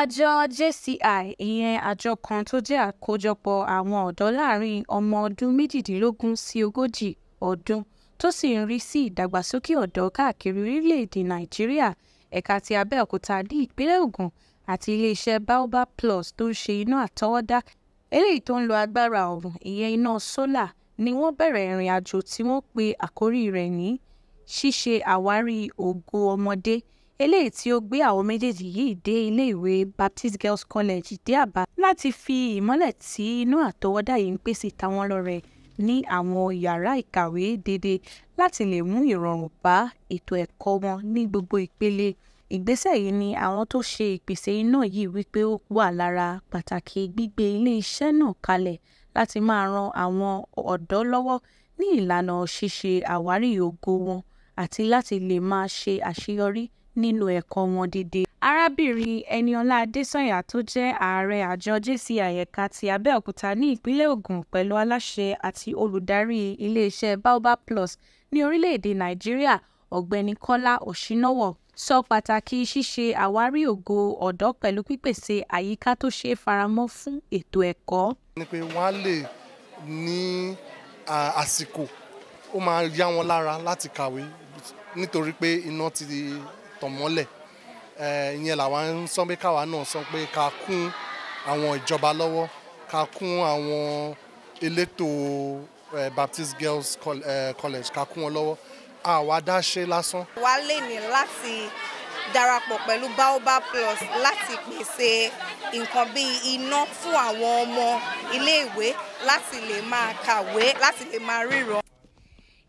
àjọ jci ìyẹn àjọ kan tó jẹ́ àkójọpọ̀ àwọn ọ̀dọ́ láàrin ọmọ ọdún méjìdínlógún sí ogójì ọdún tó sì ń rí sí ìdàgbàsókè ọ̀dọ́ káàkiri orílẹ̀-èdè nàìjíríà ẹ̀ka ti abẹ́òkúta ní ìpínlẹ̀ ògùn àti iléeṣẹ́ baobab plus tó ń ṣe iná àtọwọ́dá eléyìí tó ń lo agbára ọ̀rùn ìyẹn iná sólà ni wọ́n bẹ̀rẹ̀ ìrìn àjò tí wọ́n pe àkórí rẹ̀ ní ṣíṣe àwárí ògo ọmọdé eléyìí tí ó gbé àwọn méjèèjì yìí dé iléèwé Baptist Girls College Ìdí-Àbá láti fi ìmọ́lẹ̀ tí inú àtọwọ́dá yìí ń pèsè táwọn lọ́rẹ̀ ní àwọn yàrá ìkàwé dédé láti lè mú ìrọ̀rùn bá ètò ẹ̀kọ́ wọn ní gbogbo ìpele ìgbésẹ̀ yìí ni àwọn tó ṣe ìpèsè iná yìí wípé ó wà lára pàtàkì gbígbé ilé-iṣẹ́ náà kalẹ̀ láti máa ran àwọn ọ̀dọ́ lọ́wọ́ ní ìlànà ṣíṣe àwárí ògo wọn àti láti lè máa ṣe àṣeyọrí nínú ẹ̀kọ́ wọn dédé. arábìnrin eniola adesanya tó jẹ́ ààrẹ àjọ jci ẹ̀ka ti abẹ́òkúta ní ìpínlẹ̀ ògùn pẹ̀lú aláṣẹ àti olùdarí iléeṣẹ́ baobab plus ní orílẹ̀-èdè nàìjíríà ọ̀gbẹ́ni kọ́lá òṣínọ́wọ̀ sọ pàtàkì ṣíṣe àwárí ògo ọ̀dọ́ pẹ̀lú pípèsè àyíká tó ṣeé faramọ́ fún ètò ẹ̀kọ́. ni pé wọ́n á lè ní àsìkò ó máa yá wọn lára láti kàwé nítorí pé iná ti tàn mọ́lẹ̀ ìyẹn làwa ń sọ pé káwa náà sọ pé ká kún àwọn ìjọba lọ́wọ́ ká kún àwọn elétò Baptist Girls College ká kún wọn lọ́wọ́ àwa dáṣe lásán. wà á lè ní láti darapọ̀ pẹ̀lú Baobab Plus láti pèsè nǹkan bíi iná fún àwọn ọmọ iléèwé láti lè máa kàwé láti lè máa ríran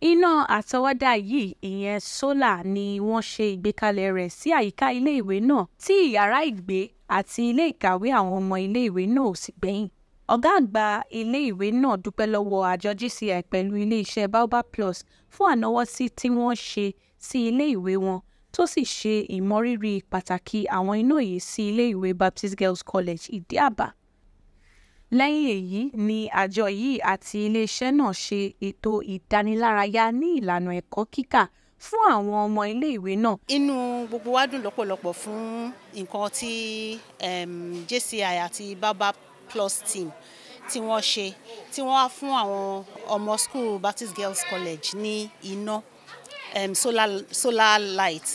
iná àtọwọ́dá yìí ìyẹn sólà ni wọ́n ṣe ìgbékalẹ̀ rẹ̀ sí àyíká iléèwé náà tí ìyàrá ìgbé àti ilé ìkàwé àwọn ọmọ iléèwé náà ò sì gbẹ̀yìn ọ̀gá àgbà iléèwé náà dúpẹ́ lọ́wọ́ àjọ GCI pẹ̀lú iléeṣẹ́ Baobab Plus fún ànáwọ́sí tí wọ́n ṣe sí iléèwé wọn tó sì ṣe ìmọrírì pàtàkì àwọn iná yìí sí iléèwé Baptist Girls College Ìdí Àbá lẹ́yìn èyí ni àjọ yìí àti iléeṣẹ́ náà ṣe ètò ìdánilárayá ní ìlànà ẹ̀kọ́ kíkà fún àwọn ọmọ iléèwé náà. inú gbogbo wa dùn lọ́pọ̀lọpọ̀ fún nǹkan tí JCI àti Baba Plus team tí wọ́n ṣe tí wọ́n wá fún àwọn ọmọ school Baptist Girls College ní iná solar, solar light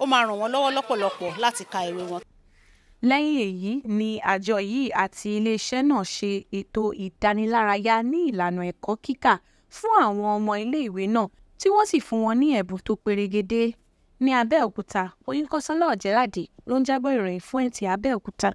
ó máa ràn wọ́n lọ́wọ́ lọ́pọ̀lọpọ̀ láti ka ìwé wọn lẹ́yìn èyí ni àjọ yìí àti iléeṣẹ́ náà ṣe ètò ìdánilárayá ní ìlànà ẹ̀kọ́ kíkà fún àwọn ọmọ iléèwé náà tí wọ́n sì fún wọn ní ẹ̀bùn tó perégedé ní abẹ́òkúta oyinkanṣọ́lá ọ̀jẹ́ládé ló ń jábọ̀ ìròyìn fún ẹ̀tì abẹ́òkúta